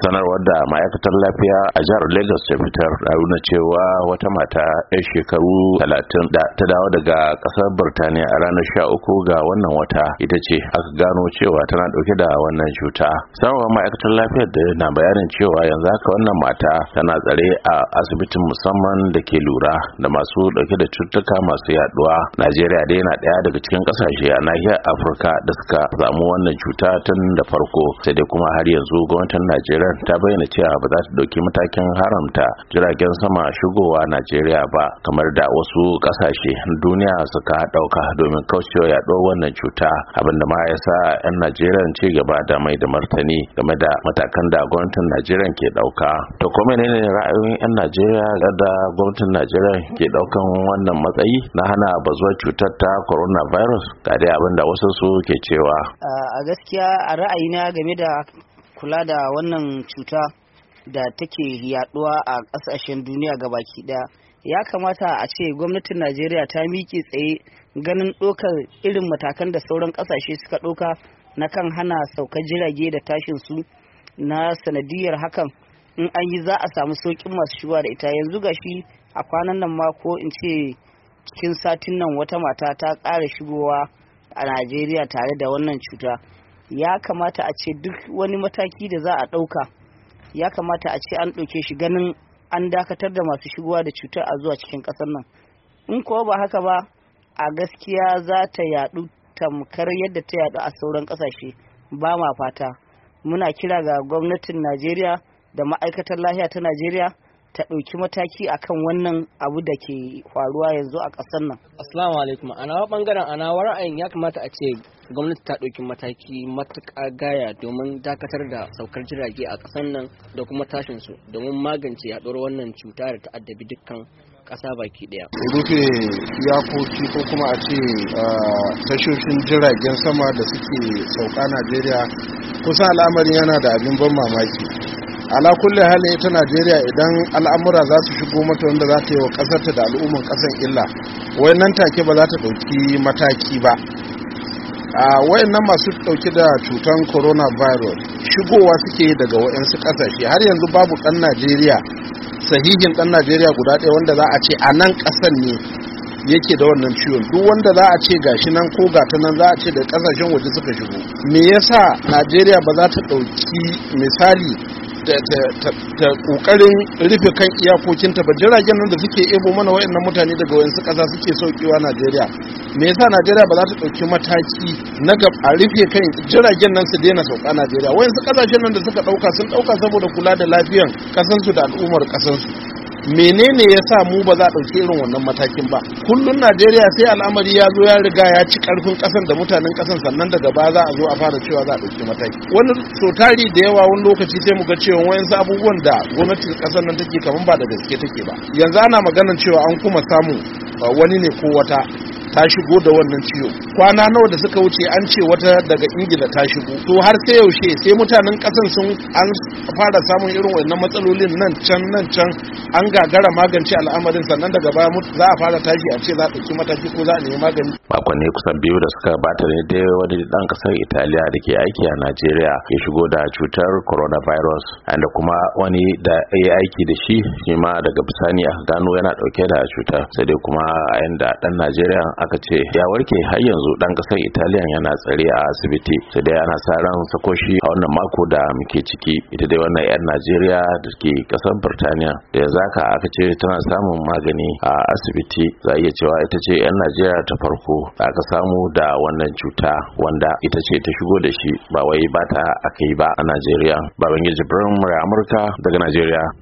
sanarwar da ma'aikatar lafiya a jihar lagos ta fitar a nuna cewa wata mata 'yar shekaru talatin da ta dawo daga kasar birtaniya a ranar uku ga wannan wata ita ce aka gano cewa tana dauke da wannan cuta sanarwar ma'aikatar lafiyar da na bayanin cewa yanzu haka wannan mata tana tsare a asibitin musamman da ke lura da masu dauke da cututtuka masu yaduwa najeriya dai na daya daga cikin kasashe a nahiyar afirka da suka samu wannan cuta tun da farko sai dai kuma har yanzu gwamnatin najeriya iran ta bayyana cewa ba za ta ɗauki matakin haramta jiragen sama shigowa najeriya ba kamar da wasu ƙasashe duniya suka ɗauka domin kaucewa yaɗuwar wannan cuta abinda ma ya sa 'yan najeriya ci gaba da mai da martani game da matakan da gwamnatin najeriya ke ɗauka to ko menene ra'ayoyin 'yan najeriya da gwamnatin najeriya ke ɗaukan wannan matsayi na hana bazuwar cutar ta coronavirus ga dai abinda wasu su ke cewa a gaskiya a ra'ayina game da kula da wannan cuta da take yaduwa a ƙasashen duniya ga baki ɗaya ya kamata a ce gwamnatin najeriya ta miƙe tsaye ganin ɗaukar irin matakan da sauran ƙasashe suka ɗauka na kan hana saukar jirage da tashin su na sanadiyar hakan in an yi za a samu sauƙin masu shigowa da ita yanzu gashi a kwanan nan ma ko in ce cikin satin nan wata mata ta ƙara shigowa a najeriya tare da wannan cuta ya kamata a ce duk wani mataki da za a ɗauka ya kamata a ce an ɗauke shi ganin an dakatar da masu shigowa da cutar a zuwa cikin ƙasar nan in kuwa ba haka ba a gaskiya za ta yaɗu tamkar yadda ta yaɗu a sauran ƙasashe ba ma fata muna kira ga gwamnatin najeriya da ma'aikatar lahiya ta najeriya ta ɗauki mataki akan wannan abu da ke faruwa yanzu a ƙasar nan. Assalamu alaikum. Ana wa ɓangaren ana ra'ayin ya kamata a ce gwamnati ta ɗauki mataki matuƙa gaya domin dakatar da saukar jirage a ƙasar nan da kuma tashin su domin magance yaɗuwar wannan cuta da ta'addabi dukkan ƙasa baki ɗaya. rufe iyakoki ko kuma a ce tashoshin jiragen sama da suke sauka najeriya kusan al'amarin yana da abin ban mamaki ala kulle hali ita najeriya idan al'amura za su shigo mata wanda za ta yi wa kasarta da al'umman kasan illa wai nan take ba za ta ɗauki mataki ba a wayannan masu dauke da cutan virus shigowa suke daga wayansu kasashe har yanzu babu dan najeriya sahihin dan najeriya guda ɗaya wanda za a ce a nan ƙasan ne yake da wannan ciwon duk wanda za a ce gashi nan ko gata nan za a ce da kasashen waje suka shigo me yasa najeriya ba za ta ɗauki misali ta kokarin rufe kan iyakokinta ba jiragen nan da suke ebo mana waɗannan mutane daga wayansu ƙasa suke saukewa Najeriya me yasa Najeriya ba za ta ɗauki mataki na gab a rufe kan jiragen nan su daina sauka Najeriya wayansu ƙasashen nan da suka ɗauka sun ɗauka saboda kula da lafiyan ƙasansu da al'ummar ƙasansu menene ya sa mu ba za a ɗauki irin wannan matakin ba kullum najeriya sai al'amari ya zo ya riga ya ci ƙarfin ƙasan da mutanen ƙasan sannan daga ba za a zo a fara cewa za a ɗauki mataki wani sautari da yawa wani lokaci sai mu ga cewa wayansu abubuwan da gwamnatin ƙasar nan take kamar ba da gaske take ba yanzu ana maganan cewa an kuma samu uh, wani ne ko wata ta shigo da wannan ciwo kwana nawa da suka wuce an ce wata daga ingila ta shigo to har sai yaushe sai mutanen kasan sun an fara samun irin wannan matsalolin nan can nan can an gagara magance al'amarin sannan daga baya za a fara tashi a ce za a ɗauki mataki ko za a nemi magani makonni kusan biyu da suka bata ne dai wani dan kasar italiya da ke aiki a najeriya ya shigo da cutar coronavirus da kuma wani da ya aiki da shi shi ma daga bisani a gano yana dauke da cutar sai dai kuma a yanda dan najeriya aka ce ya warke har yanzu dan kasar Italiya yana tsare a asibiti sai dai ana sa ran sakoshi a wannan mako da muke ciki ita dai wannan yan Najeriya da ke kasar Birtaniya da ya zaka aka ce tana samun magani a asibiti za iya cewa ita ce yan Najeriya ta farko da aka samu da wannan cuta wanda ita ce ta shigo da shi ba wai ba ta aka yi ba a Najeriya Babangiji Birnin Amurka daga Najeriya